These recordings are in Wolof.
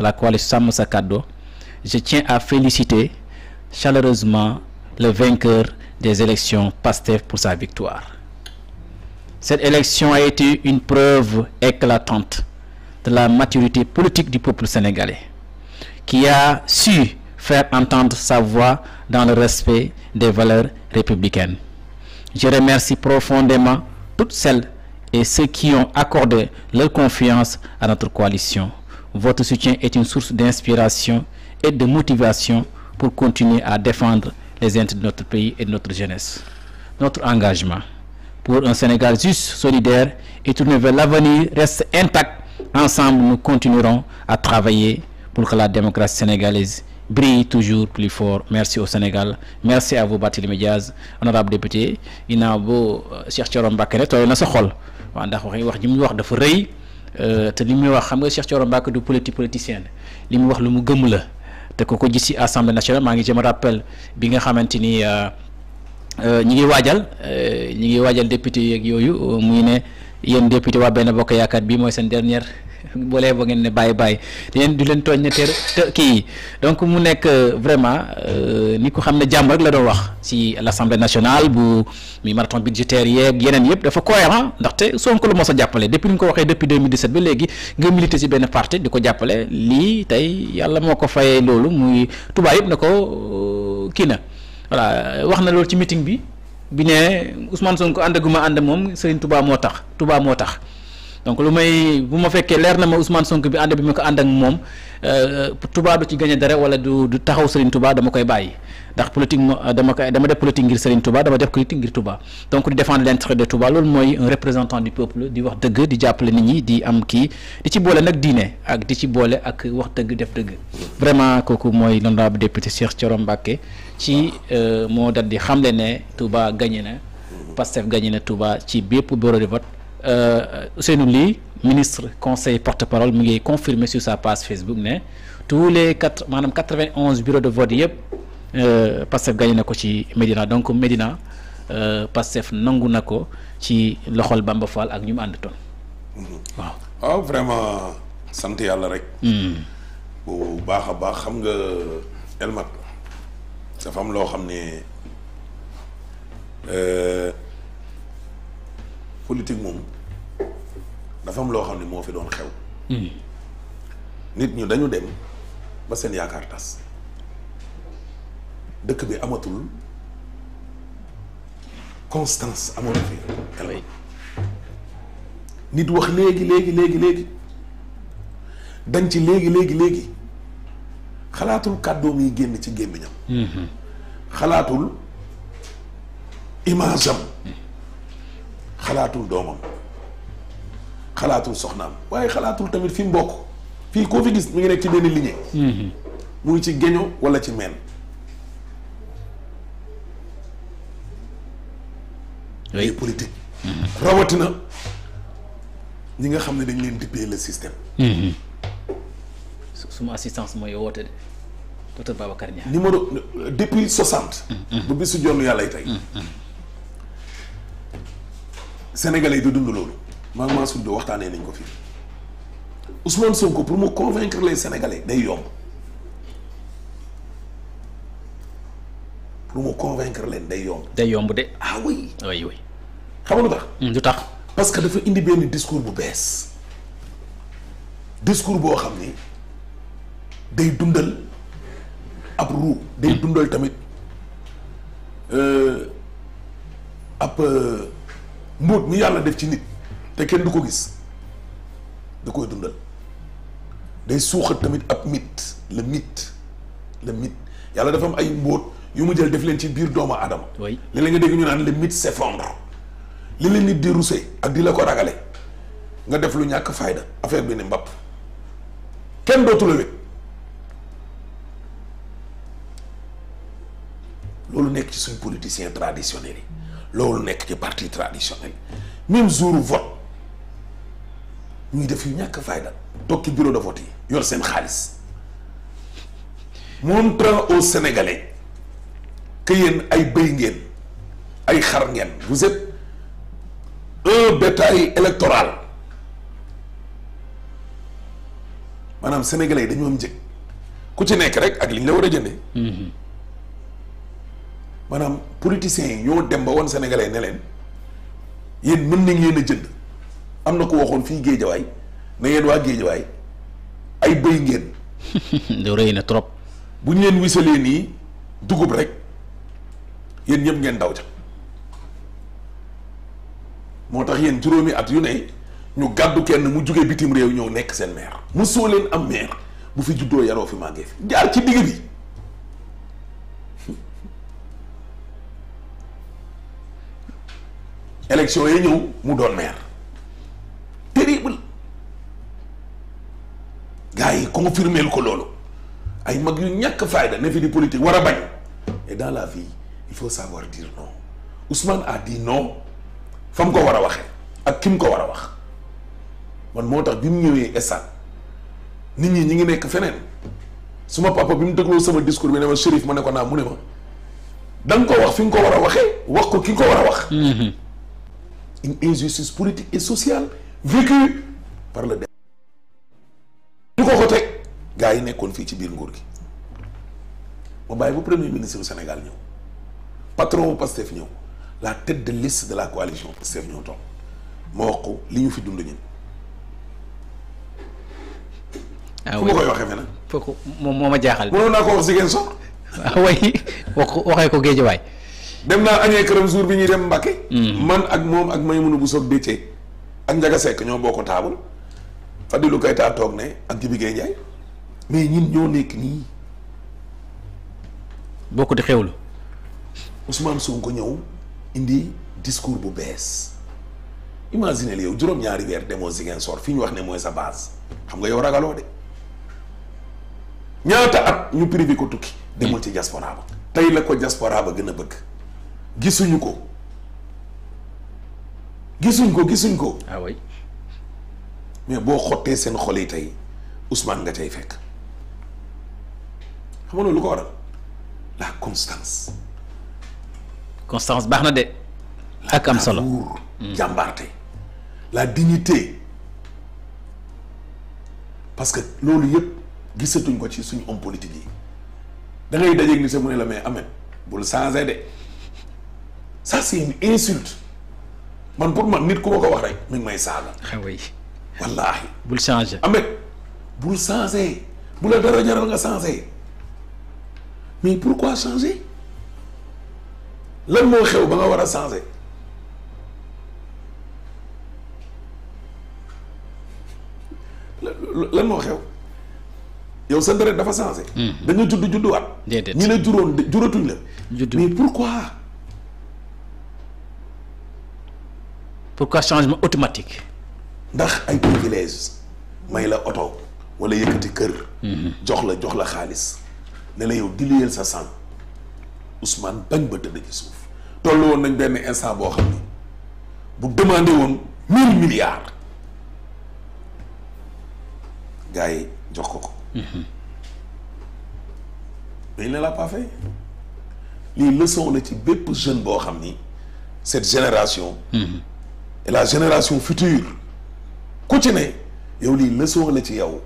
la coalition Sàmm Sa Kàddu je tiens à féliciter chaleureusement le vainqueur des élections PASTEF pour sa victoire cette élection a été une preuve éclatante de la maturité politique du peuple sénégalais qui a su faire entendre sa voix dans le respect des valeurs républicaines je remercie profondément toutes celles et ceux qui ont accordé leur confiance à notre coalition Votre soutien est une source d'inspiration et de motivation pour continuer à défendre les intérêts de notre pays et de notre jeunesse. Notre engagement pour un Sénégal juste, solidaire et tourné vers l'avenir reste intact. Ensemble, nous continuerons à travailler pour que la démocratie sénégalaise brille toujours plus fort. Merci au Sénégal. Merci à vous, Barthélémy Diaz, honorable député. Ina bo Cheikh Thioro Mbacké ne tooy na sa xol ndax wax ji mu wax Euh, te li muy wax xam nga Cheikh Thioro Mbacké du politique politicien li muy wax lu mu gëm la te ku ko gis ci assemblée nationale maa ngi jëm rappel bi nga xamante ni euh, euh, ñi ngi waajal ñi ngi waajal député yeeg yooyu muy ne yéen député waa benn bokk yaakaar bi mooy seen dernière. boolee ba ngeen ne bàyyi bàyyi di leen di leen tooñ ne te kii donc mu nekk euh, vraiment euh, ni ko xam ne jàmm rek la doon wax ci l'Assemblée nationale bu mi marathon budgétaire yeeg yeneen yëpp dafa cohérent ndaxte Sonko la mos a jàppale depuis nga ko waxee depuis 2017 ba léegi nga milité ci benn parti di ko jàppale lii tey yàlla moo ko fayee loolu muy tubaab yëpp na ko euh, kii na voilà wax na loolu ci meeting bi bi ne Ousmane Sonko àndaguma ànd moom Serigne Touba moo tax Touba moo tax. donc lu may bu ma fekkee leer na ma Ousmane Sonko bi ànd bi ma ko ànd ak moom euh, tubaa du ci gagné dara wala du du taxaw Serigne tubaa dama koy bàyyi ndax politique euh, dama koy dama def ngir Serigne Touba dama def politique ngir Touba donc di défendre l'intérêt de Touba mooy représentant du peuple di wax dëgg di jàppale nit ñi di am kii di ci boole nag diine ak di ci boole ak wax dëgg def dëgg vraiment kooku mooy l'honorable député Cheikh Thioro Mbacké ci euh, moo dal di xamle ne tubaa gañe na Pastef gagné na tubaa ci bépp bureau de vote Euh, Ousseynou Ly ministre conseil porte-parole mu ngi confirmer sur sa page Facebook ne tous les quatre maanaam quatre-vingt-onze bureaux de vote yëpp euh, Pastef gagné na ko ci Médina donc Médina euh, Pastef nangu na ko ci loxol Bamba ak ñu mu ànd toon mm-hmm. waaw waaw ah, sant yàlla rek mm. bu baax a baax xam nga elmat dafa am loo xam ne politique moom dafa am loo xam ne moo fi doon xew. Hmm. nit ñu dañu dem ba seen yaakaar tas dëkk bi amatul constance amatu fi. nit wax léegi léegi léegi léegi dañ ci léegi léegi léegi xalaatul kàddoom yi génn ci gémmiñam hmm, hmm. xalaatul image xalaatul doomam xalaatul soxnaam waaye xalaatul tamit fi mu bokk fii koo fi gis mi ngi nekk ci benn lignée mm-hmm. mu ngi ci géño walla ci meen ay politique mm-hmm. rawatina ñi nga xam ne dañ leen dippee le système mm-hmm. suma assistance mooy woote de docteur Babacar Niang numéro euh, depuis soixante ba bisu jonn yàlla tey sénégale yi di dund loolu maa maa waxtaanee nañ ko fii Ousmane Sonko pour mu convaincre les sénégalais day yomb pour mu convaincre leen day yomb. day yomb de. ah oui oui lu tax. Mm, lu parce que dafa indi benn discours bu bees discours boo xam ni day dundal ab ruu. day dundal tamit euh, ab. Euh, mbóot mi yàlla def ci nit te kenn du ko gis da koy dundal day suuxat tamit ab mythe le mythe le mythe yàlla dafa ay mbóot yu ma jël def leen ci biir doomu aadama léeg-léeg nga dégg ñu naan le mythe s'effondre li leen nit di rusé ak di la ko ragale nga def lu ñàkk fayda affaire bi ne mbapp kenn dootu la wét loolu nekk ci suñ politiciens traditionnels loolu nekk ci parti traditionnel même jour vote ñuy def yu ñàkk fayda toog ci bureau de vote yi yor seen xaalis montrant aux Sénégalais que ay bëy ngeen ay xar ngeen vous êtes un bétail électoral maanaam sénégalais yi dañoo am ku ci nekk rek ak li ñu la war a jëndee. Mm-hmm. maanaam politiciens yi ñoo dem ba woon sénégalais ne leen yéen mën nañ leen a jënd am na ko waxoon fii géejawaay na yéen waa géejawaay ay bëy ngeen. lu rëy na trop. bu ñu leen wisalee nii dugub rek yéen ñëpp ngeen daw ca moo tax yéen juróomi at yu ne ñu gàddu kenn mu jugee bitim réew ñëw nekk seen maire. mu soo leen am maire bu fi juddoo yaroo fi màggee fi jaar ci digg bi. élection yi ñëw mu doon maire terrible gars yi confirmeel ko loolu ay mag yu ñàkk fayda ne fi di politique war a bañ et dans la vie il faut savoir dire non Ousmane a dit non fa mu ko war a waxee ak ki mu ko war a wax man moo tax bi mu ñëwee essan nit ñi ñu ngi nekk feneen suma papa bi mu dégloo sama discours bi ne ma Chérif ma ne ko naa mu ne ma da ko wax fi nga ko war a waxee wax ko ki nga ko war a wax mm-hmm. une politique et sociale vécue par le ñu ko ko teg gars yi nekkoon fii ci biir nguur gi ba bàyyi ba premier ministre du Sénégal ñëw patron bu Pastef ñëw la tête de liste de la coalition Pastef ñëw toog ma wax ko li ñu fi dund ñun. ah fu ma koy waxee feneen. foofu moom moo ma jaaxal. mënoon naa ko wax si ngeen soxla. waxee ko géej dem naa añee këram jour bi ñuy dem Mbacke. Hmm. man ak moom ak Maymuna bu soog Décé ak Njaga Sekk ñoo ko taabul Fadilou Keita toog ne ak Jibi Gueye Ndiaye mais ñun ñoo nekk nii. bokk di xewlu. Ousmane Sonko ñëw indi discours bu bees imaginez yow juróom-ñaari weer demoo Ziguinchor fi ñu wax ne mooy sa base xam nga yow ragaloo de ñaata at ñu privé ko tukki. demoo ci diaspora tey la ko diaspora ba gën a bëgg. gisuñu ko gisuñ ko gisuñ ko. ah mais boo xottee seen xol yi tey Ousmane nga tey fekk xam lu ko waral la constance. constance baax na de. ak am solo la hmm. jàmbaarte la dignité parce que loolu yëpp gisatuñ ko ci suñu homme politique yi da ngay dajeeg ni sa mu ne la mais amen bul changé de. ça c'est une insulte man pour man nit ku ma ko wax rek mi ngi may saaga. xaw ah yi wallaahi. bul changé Ameth bul changé bu la dara jaral nga changé mais pourquoi changer lan moo xew ba nga war a changer. lan moo xew yow sa deret dafa changé. Hmm. dañoo judd judduwaat. déedéet ñi la juróon juratuñ la. mais pourquoi. pourquoi changement automatique. ndax ay privilèges may la oto wala yëkkati kër. Mhm. jox la jox la xaalis ne la yow diliyeel sa sang Ousmane bañ ba tëdd ci suuf toll woon nañ benn instant boo xam ni bu demandé woon mille milliards gars yi jox ko ko. Mhm. mais il ne l'a pas lii leçon la ci bépp jeune boo xam ni cette génération. Mhm. et la génération future ku ci ne yow lii leçon la ci yow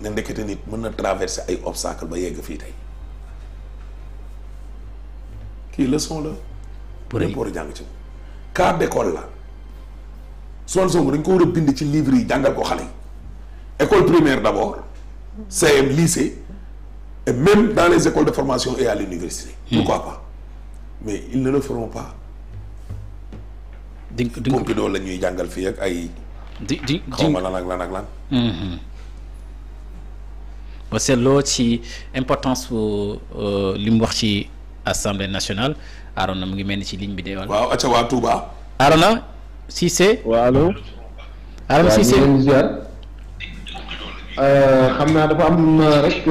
na ndekete nit mën na traverser ay obstacle ba yegg fii tey kii leçon la pour ñëpp war a jàng ci moom cas d'école la Ousmane Sonko dañ ko war a bind ci livre yi jàngal ko xale yi école primaire d'abord CM lycée et même les écoles de formation et à l'université hmm. pourquoi pas mais ils ne le feront pas di di Pompidou la ñuy jàngal fii ak ay. di di xaw ma lan ak lan ak lan. Mhm. ba ci importance euh, li mu wax ci assemblée nationale Arona mu ngi mel ni ci ligne bi de wàll. waaw acca waa Touba. Arona Cissé. waaw allo. Euh, xam naa dafa am euh, rek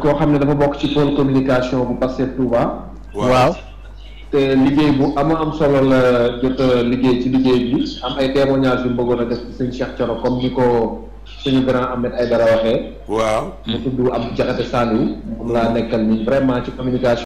koo xam ne dafa bokk ci pôle communication bu Pastef Touba. waaw. te liggéey bu ama am solo la jot liggéey ci liggéey bi am ay témoignages yu mu bëggoon a def ci sëñ Cheikh comme ni ko suñu grand Ahmed Aïdara waxee. waaw mu tudd am jaxate Saliou moom laa nekkal nii vraiment ci communication.